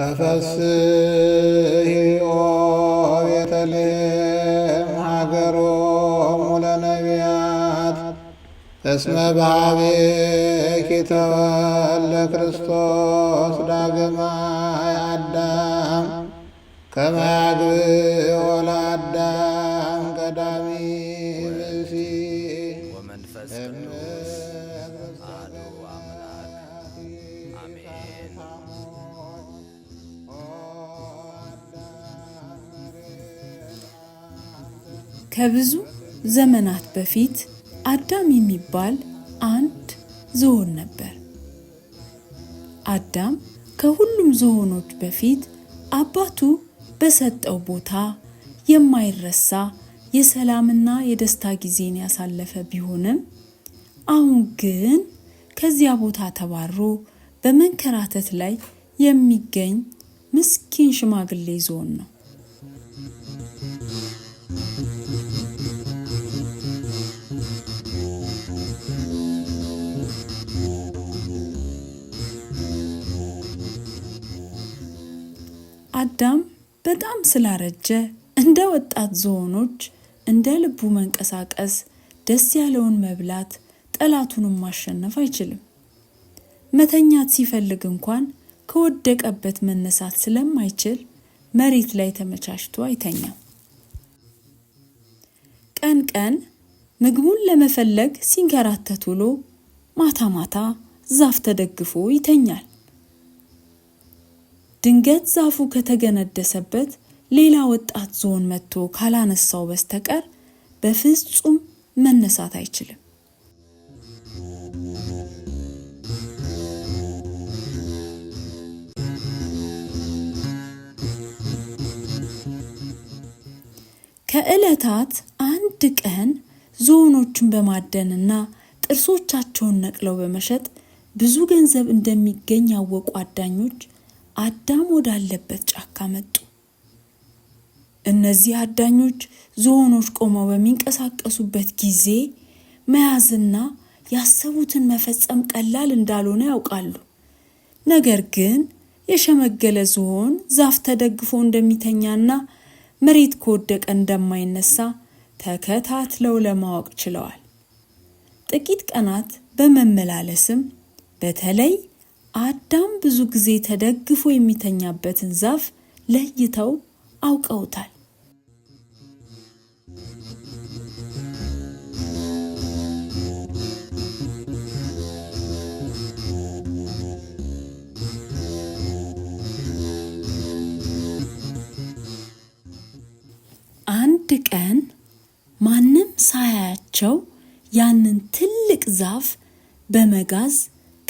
ተፈስሒኦ ቤተልሔም ሃገሮሙ ለነቢያት እስመ ባቤኪ ተወልደ ክርስቶስ ዳግማይ አዳም ከመ ያግብኦ ከብዙ ዘመናት በፊት አዳም የሚባል አንድ ዝሆን ነበር። አዳም ከሁሉም ዝሆኖች በፊት አባቱ በሰጠው ቦታ የማይረሳ የሰላምና የደስታ ጊዜን ያሳለፈ ቢሆንም አሁን ግን ከዚያ ቦታ ተባሮ በመንከራተት ላይ የሚገኝ ምስኪን ሽማግሌ ዝሆን ነው። አዳም በጣም ስላረጀ እንደ ወጣት ዝሆኖች እንደ ልቡ መንቀሳቀስ፣ ደስ ያለውን መብላት፣ ጠላቱንም ማሸነፍ አይችልም። መተኛት ሲፈልግ እንኳን ከወደቀበት መነሳት ስለማይችል መሬት ላይ ተመቻችቶ አይተኛም። ቀን ቀን ምግቡን ለመፈለግ ሲንከራተት ውሎ ማታ ማታ ዛፍ ተደግፎ ይተኛል። ድንገት ዛፉ ከተገነደሰበት ሌላ ወጣት ዝሆን መጥቶ ካላነሳው በስተቀር በፍጹም መነሳት አይችልም። ከዕለታት አንድ ቀን ዝሆኖችን በማደንና ጥርሶቻቸውን ነቅለው በመሸጥ ብዙ ገንዘብ እንደሚገኝ ያወቁ አዳኞች አዳም ወዳለበት ጫካ መጡ። እነዚህ አዳኞች ዝሆኖች ቆመው በሚንቀሳቀሱበት ጊዜ መያዝና ያሰቡትን መፈጸም ቀላል እንዳልሆነ ያውቃሉ። ነገር ግን የሸመገለ ዝሆን ዛፍ ተደግፎ እንደሚተኛና መሬት ከወደቀ እንደማይነሳ ተከታትለው ለማወቅ ችለዋል። ጥቂት ቀናት በመመላለስም በተለይ አዳም ብዙ ጊዜ ተደግፎ የሚተኛበትን ዛፍ ለይተው አውቀውታል። አንድ ቀን ማንም ሳያያቸው ያንን ትልቅ ዛፍ በመጋዝ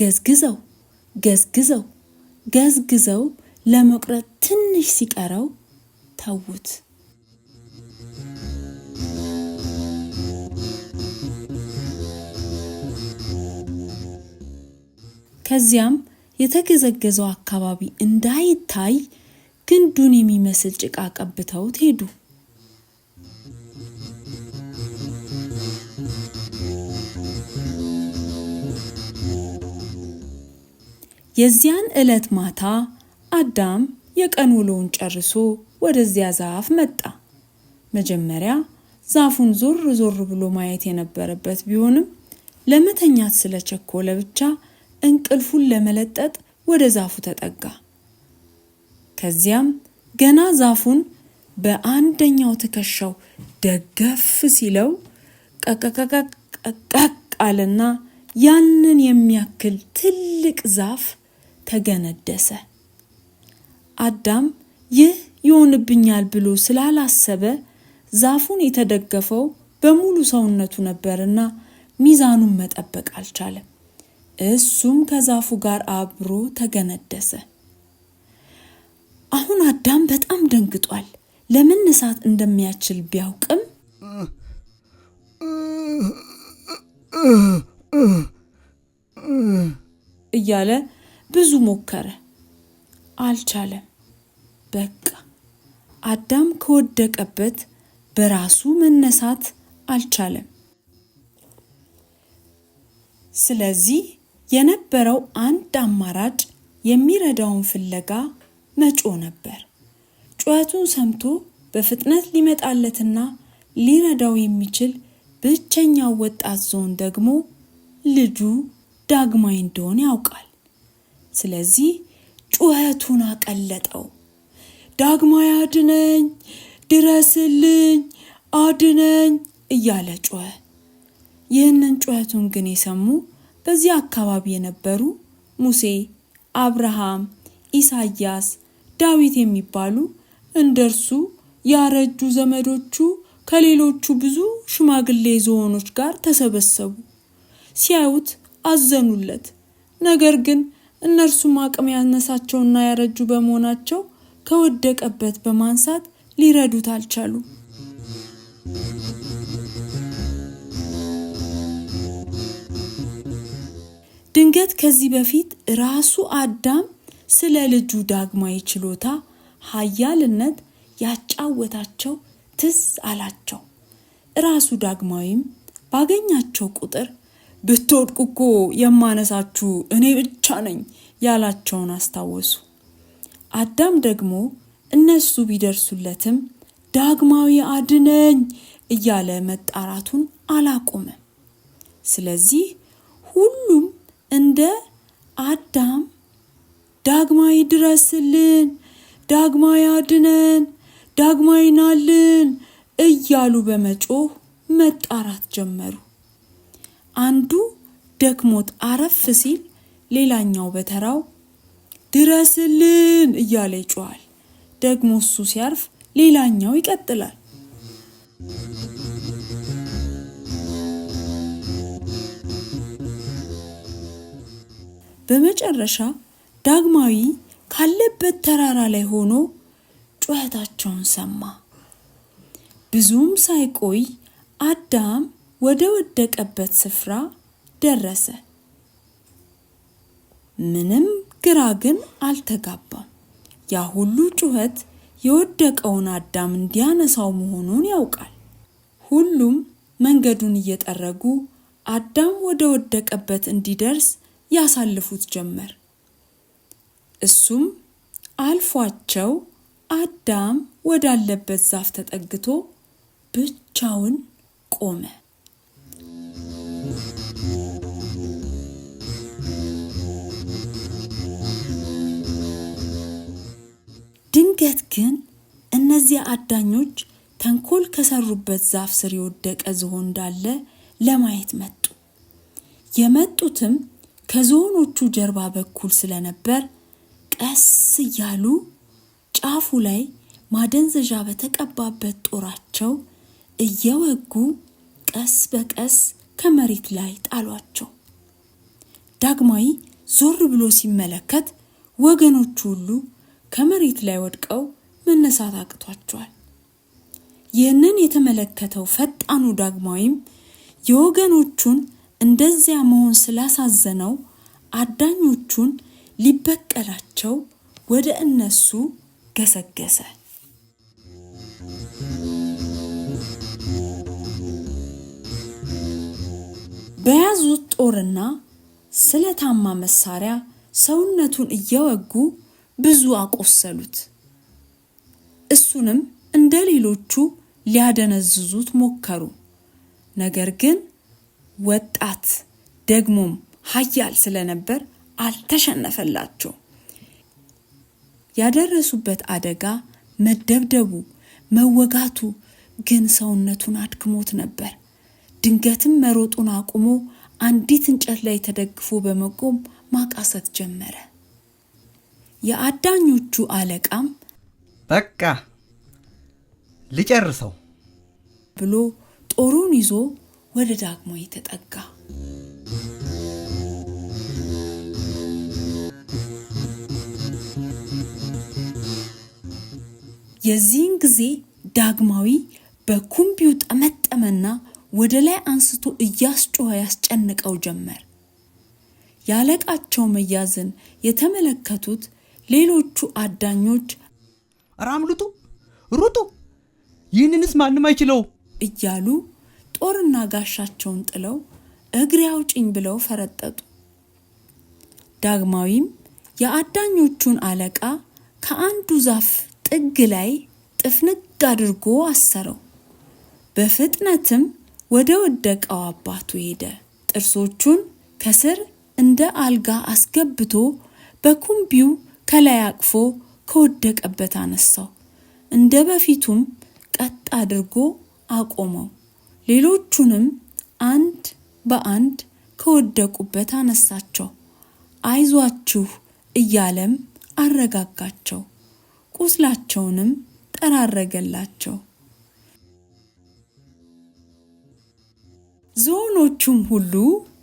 ገዝግዘው ገዝግዘው ገዝግዘው ለመቁረጥ ትንሽ ሲቀረው ተዉት። ከዚያም የተገዘገዘው አካባቢ እንዳይታይ ግንዱን የሚመስል ጭቃ ቀብተውት ሄዱ። የዚያን ዕለት ማታ አዳም የቀን ውሎውን ጨርሶ ወደዚያ ዛፍ መጣ። መጀመሪያ ዛፉን ዞር ዞር ብሎ ማየት የነበረበት ቢሆንም ለመተኛት ስለቸኮለ ብቻ እንቅልፉን ለመለጠጥ ወደ ዛፉ ተጠጋ። ከዚያም ገና ዛፉን በአንደኛው ትከሻው ደገፍ ሲለው ቀቀቀቀቅ አለና ያንን የሚያክል ትልቅ ዛፍ ተገነደሰ። አዳም ይህ ይሆንብኛል ብሎ ስላላሰበ ዛፉን የተደገፈው በሙሉ ሰውነቱ ነበርና ሚዛኑን መጠበቅ አልቻለም። እሱም ከዛፉ ጋር አብሮ ተገነደሰ። አሁን አዳም በጣም ደንግጧል። ለመነሳት እንደሚያችል ቢያውቅም እያለ ብዙ ሞከረ፣ አልቻለም። በቃ አዳም ከወደቀበት በራሱ መነሳት አልቻለም። ስለዚህ የነበረው አንድ አማራጭ የሚረዳውን ፍለጋ መጮ ነበር። ጩኸቱን ሰምቶ በፍጥነት ሊመጣለትና ሊረዳው የሚችል ብቸኛው ወጣት ዞን ደግሞ ልጁ ዳግማይ እንደሆነ ያውቃል። ስለዚህ ጩኸቱን አቀለጠው። ዳግማዊ አድነኝ፣ ድረስልኝ፣ አድነኝ እያለ ጩኸ ይህንን ጩኸቱን ግን የሰሙ በዚህ አካባቢ የነበሩ ሙሴ፣ አብርሃም፣ ኢሳያስ፣ ዳዊት የሚባሉ እንደርሱ ያረጁ ዘመዶቹ ከሌሎቹ ብዙ ሽማግሌ ዝሆኖች ጋር ተሰበሰቡ። ሲያዩት አዘኑለት። ነገር ግን እነርሱም አቅም ያነሳቸውና ያረጁ በመሆናቸው ከወደቀበት በማንሳት ሊረዱት አልቻሉ። ድንገት ከዚህ በፊት ራሱ አዳም ስለ ልጁ ዳግማዊ ችሎታ ኃያልነት ያጫወታቸው ትዝ አላቸው። ራሱ ዳግማዊም ባገኛቸው ቁጥር ብትወድቁ እኮ የማነሳችሁ እኔ ብቻ ነኝ ያላቸውን አስታወሱ። አዳም ደግሞ እነሱ ቢደርሱለትም ዳግማዊ አድነኝ እያለ መጣራቱን አላቆመ። ስለዚህ ሁሉም እንደ አዳም ዳግማዊ ድረስልን፣ ዳግማዊ አድነን፣ ዳግማዊ ናልን እያሉ በመጮህ መጣራት ጀመሩ። አንዱ ደክሞት አረፍ ሲል ሌላኛው በተራው ድረስልን እያለ ይጮዋል። ደግሞ እሱ ሲያርፍ ሌላኛው ይቀጥላል። በመጨረሻ ዳግማዊ ካለበት ተራራ ላይ ሆኖ ጩኸታቸውን ሰማ። ብዙም ሳይቆይ አዳም ወደ ወደቀበት ስፍራ ደረሰ። ምንም ግራ ግን አልተጋባም። ያ ሁሉ ጩኸት የወደቀውን አዳም እንዲያነሳው መሆኑን ያውቃል። ሁሉም መንገዱን እየጠረጉ አዳም ወደ ወደቀበት እንዲደርስ ያሳልፉት ጀመር። እሱም አልፏቸው አዳም ወዳለበት ዛፍ ተጠግቶ ብቻውን ቆመ። ድንገት ግን እነዚያ አዳኞች ተንኮል ከሰሩበት ዛፍ ስር የወደቀ ዝሆን እንዳለ ለማየት መጡ። የመጡትም ከዝሆኖቹ ጀርባ በኩል ስለነበር ቀስ እያሉ ጫፉ ላይ ማደንዘዣ በተቀባበት ጦራቸው እየወጉ ቀስ በቀስ ከመሬት ላይ ጣሏቸው። ዳግማዊ ዞር ብሎ ሲመለከት ወገኖቹ ሁሉ ከመሬት ላይ ወድቀው መነሳት አቅቷቸዋል። ይህንን የተመለከተው ፈጣኑ ዳግማዊም የወገኖቹን እንደዚያ መሆን ስላሳዘነው አዳኞቹን ሊበቀላቸው ወደ እነሱ ገሰገሰ። በያዙት ጦርና ስለታማ መሳሪያ ሰውነቱን እየወጉ ብዙ አቆሰሉት። እሱንም እንደ ሌሎቹ ሊያደነዝዙት ሞከሩ። ነገር ግን ወጣት ደግሞም ኃያል ስለነበር አልተሸነፈላቸው። ያደረሱበት አደጋ መደብደቡ፣ መወጋቱ ግን ሰውነቱን አድክሞት ነበር። ድንገትም መሮጡን አቁሞ አንዲት እንጨት ላይ ተደግፎ በመቆም ማቃሰት ጀመረ። የአዳኞቹ አለቃም በቃ ልጨርሰው ብሎ ጦሩን ይዞ ወደ ዳግሞ የተጠጋ የዚህን ጊዜ ዳግማዊ በኩምቢው ጠመጠመና ወደ ላይ አንስቶ እያስጮኸ ያስጨንቀው ጀመር። የአለቃቸው መያዝን የተመለከቱት ሌሎቹ አዳኞች ራምልጡ፣ ሩጡ፣ ይህንንስ ማንም አይችለው እያሉ ጦርና ጋሻቸውን ጥለው እግሬ አውጭኝ ብለው ፈረጠጡ። ዳግማዊም የአዳኞቹን አለቃ ከአንዱ ዛፍ ጥግ ላይ ጥፍንግ አድርጎ አሰረው። በፍጥነትም ወደ ወደቀው አባቱ ሄደ። ጥርሶቹን ከስር እንደ አልጋ አስገብቶ በኩምቢው ከላይ አቅፎ ከወደቀበት አነሳው። እንደ በፊቱም ቀጥ አድርጎ አቆመው። ሌሎቹንም አንድ በአንድ ከወደቁበት አነሳቸው። አይዟችሁ እያለም አረጋጋቸው። ቁስላቸውንም ጠራረገላቸው። ዝሆኖቹም ሁሉ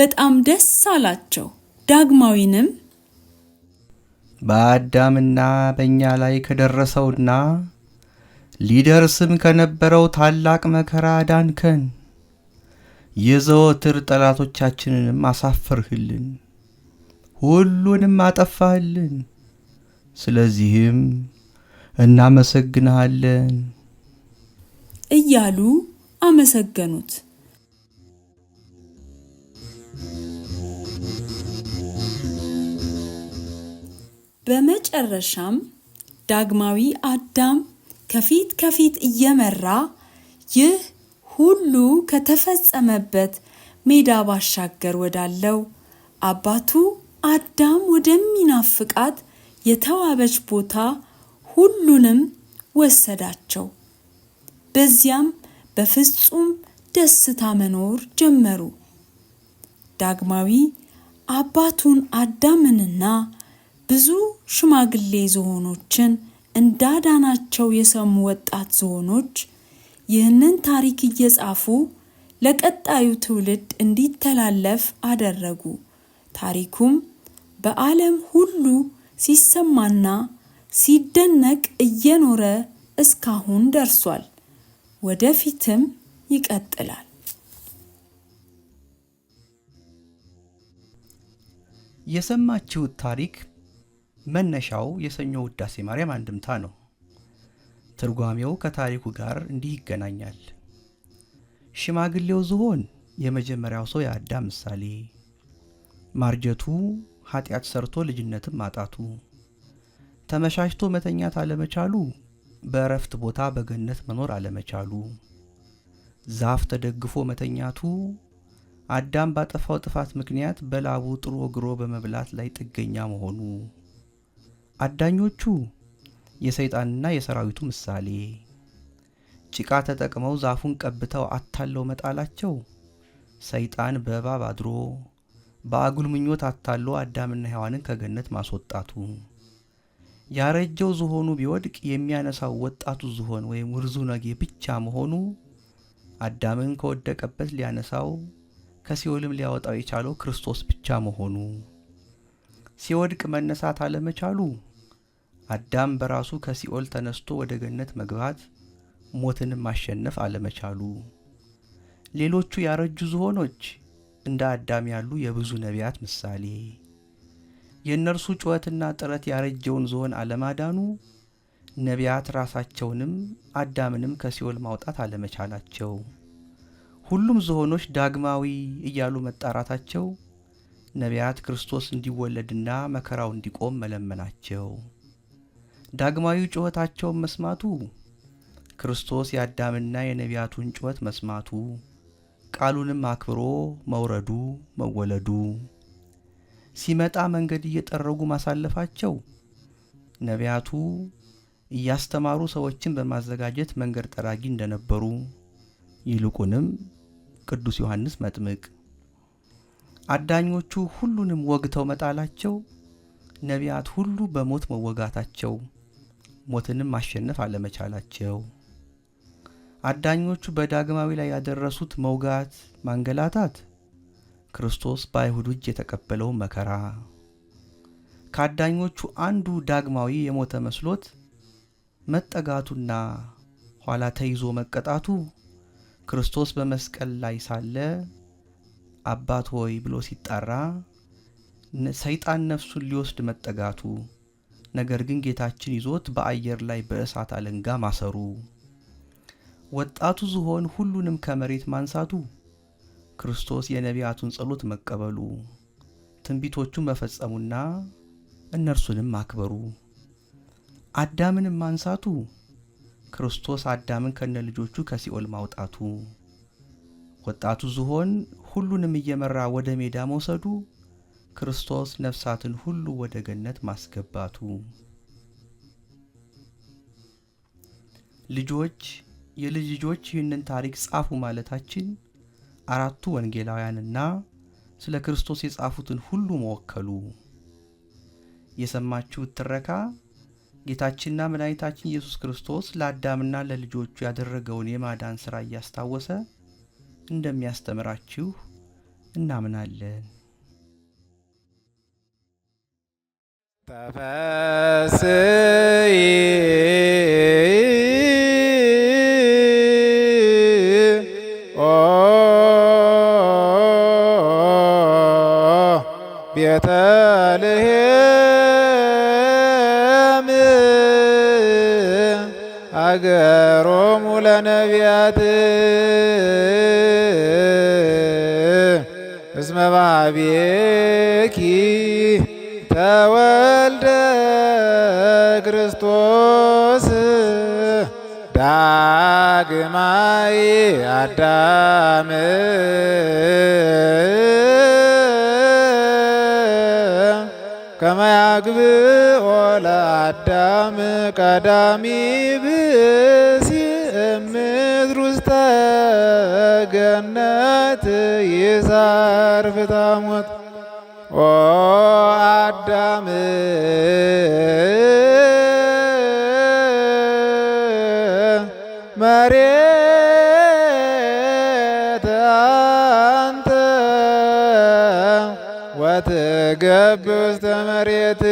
በጣም ደስ አላቸው። ዳግማዊንም በአዳምና በእኛ ላይ ከደረሰውና ሊደርስም ከነበረው ታላቅ መከራ ዳንከን፣ የዘወትር ጠላቶቻችንንም አሳፈርህልን፣ ሁሉንም አጠፋህልን። ስለዚህም እናመሰግንሃለን እያሉ አመሰገኑት። በመጨረሻም ዳግማዊ አዳም ከፊት ከፊት እየመራ ይህ ሁሉ ከተፈጸመበት ሜዳ ባሻገር ወዳለው አባቱ አዳም ወደሚናፍቃት የተዋበች ቦታ ሁሉንም ወሰዳቸው። በዚያም በፍጹም ደስታ መኖር ጀመሩ። ዳግማዊ አባቱን አዳምንና ብዙ ሽማግሌ ዝሆኖችን እንዳዳናቸው የሰሙ ወጣት ዝሆኖች ይህንን ታሪክ እየጻፉ ለቀጣዩ ትውልድ እንዲተላለፍ አደረጉ። ታሪኩም በዓለም ሁሉ ሲሰማና ሲደነቅ እየኖረ እስካሁን ደርሷል። ወደፊትም ይቀጥላል። የሰማችሁት ታሪክ መነሻው የሰኞ ውዳሴ ማርያም አንድምታ ነው። ትርጓሜው ከታሪኩ ጋር እንዲህ ይገናኛል። ሽማግሌው ዝሆን የመጀመሪያው ሰው የአዳም ምሳሌ፣ ማርጀቱ ኃጢአት ሰርቶ ልጅነትም ማጣቱ፣ ተመሻሽቶ መተኛት አለመቻሉ፣ በእረፍት ቦታ በገነት መኖር አለመቻሉ፣ ዛፍ ተደግፎ መተኛቱ፣ አዳም ባጠፋው ጥፋት ምክንያት በላቡ ጥሮ ግሮ በመብላት ላይ ጥገኛ መሆኑ አዳኞቹ የሰይጣንና የሰራዊቱ ምሳሌ፣ ጭቃ ተጠቅመው ዛፉን ቀብተው አታለው መጣላቸው ሰይጣን በእባብ አድሮ በአጉል ምኞት አታሎ አዳምና ሔዋንን ከገነት ማስወጣቱ፣ ያረጀው ዝሆኑ ቢወድቅ የሚያነሳው ወጣቱ ዝሆን ወይም ውርዙ ነጌ ብቻ መሆኑ አዳምን ከወደቀበት ሊያነሳው ከሲኦልም ሊያወጣው የቻለው ክርስቶስ ብቻ መሆኑ ሲወድቅ መነሳት አለመቻሉ፣ አዳም በራሱ ከሲኦል ተነስቶ ወደ ገነት መግባት፣ ሞትንም ማሸነፍ አለመቻሉ፣ ሌሎቹ ያረጁ ዝሆኖች እንደ አዳም ያሉ የብዙ ነቢያት ምሳሌ፣ የእነርሱ ጩኸትና ጥረት ያረጀውን ዝሆን አለማዳኑ፣ ነቢያት ራሳቸውንም አዳምንም ከሲኦል ማውጣት አለመቻላቸው፣ ሁሉም ዝሆኖች ዳግማዊ እያሉ መጣራታቸው ነቢያት ክርስቶስ እንዲወለድና መከራው እንዲቆም መለመናቸው፣ ዳግማዊ ጩኸታቸውን መስማቱ፣ ክርስቶስ የአዳምና የነቢያቱን ጩኸት መስማቱ፣ ቃሉንም አክብሮ መውረዱ መወለዱ፣ ሲመጣ መንገድ እየጠረጉ ማሳለፋቸው፣ ነቢያቱ እያስተማሩ ሰዎችን በማዘጋጀት መንገድ ጠራጊ እንደነበሩ፣ ይልቁንም ቅዱስ ዮሐንስ መጥምቅ አዳኞቹ ሁሉንም ወግተው መጣላቸው፣ ነቢያት ሁሉ በሞት መወጋታቸው፣ ሞትንም ማሸነፍ አለመቻላቸው፣ አዳኞቹ በዳግማዊ ላይ ያደረሱት መውጋት፣ ማንገላታት፣ ክርስቶስ በአይሁድ እጅ የተቀበለውን መከራ፣ ከአዳኞቹ አንዱ ዳግማዊ የሞተ መስሎት መጠጋቱና ኋላ ተይዞ መቀጣቱ ክርስቶስ በመስቀል ላይ ሳለ አባት ሆይ ብሎ ሲጣራ ሰይጣን ነፍሱን ሊወስድ መጠጋቱ፣ ነገር ግን ጌታችን ይዞት በአየር ላይ በእሳት አለንጋ ማሰሩ፣ ወጣቱ ዝሆን ሁሉንም ከመሬት ማንሳቱ፣ ክርስቶስ የነቢያቱን ጸሎት መቀበሉ፣ ትንቢቶቹን መፈጸሙና እነርሱንም ማክበሩ፣ አዳምንም ማንሳቱ፣ ክርስቶስ አዳምን ከነ ልጆቹ ከሲኦል ማውጣቱ ወጣቱ ዝሆን ሁሉንም እየመራ ወደ ሜዳ መውሰዱ ክርስቶስ ነፍሳትን ሁሉ ወደ ገነት ማስገባቱ። ልጆች የልጅ ልጆች ይህንን ታሪክ ጻፉ ማለታችን አራቱ ወንጌላውያንና ስለ ክርስቶስ የጻፉትን ሁሉ መወከሉ። የሰማችሁት ትረካ ጌታችንና መድኃኒታችን ኢየሱስ ክርስቶስ ለአዳምና ለልጆቹ ያደረገውን የማዳን ሥራ እያስታወሰ እንደሚያስተምራችሁ እናምናለን። ተፈስይ ቤተልሔም አገሮሙ ለነቢያት እምባቤኪ ተወልደ ክርስቶስ ዳግማይ አዳም ከመያግብ ወለ አዳም ቀዳሚ ብስ ገነት ይዛር ፍታሞት ኦ አዳም መሬት አንተ ወትገብ መሬት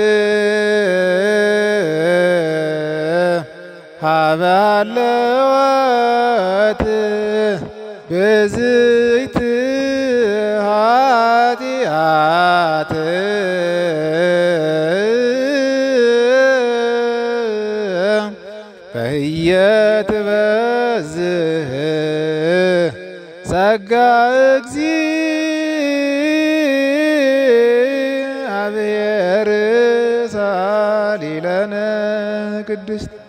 ሀበለወት ብዝይት ኃጢአት በህየት በዝህ ጸጋ እግዚአብሔር ሳሊለነ ቅድስት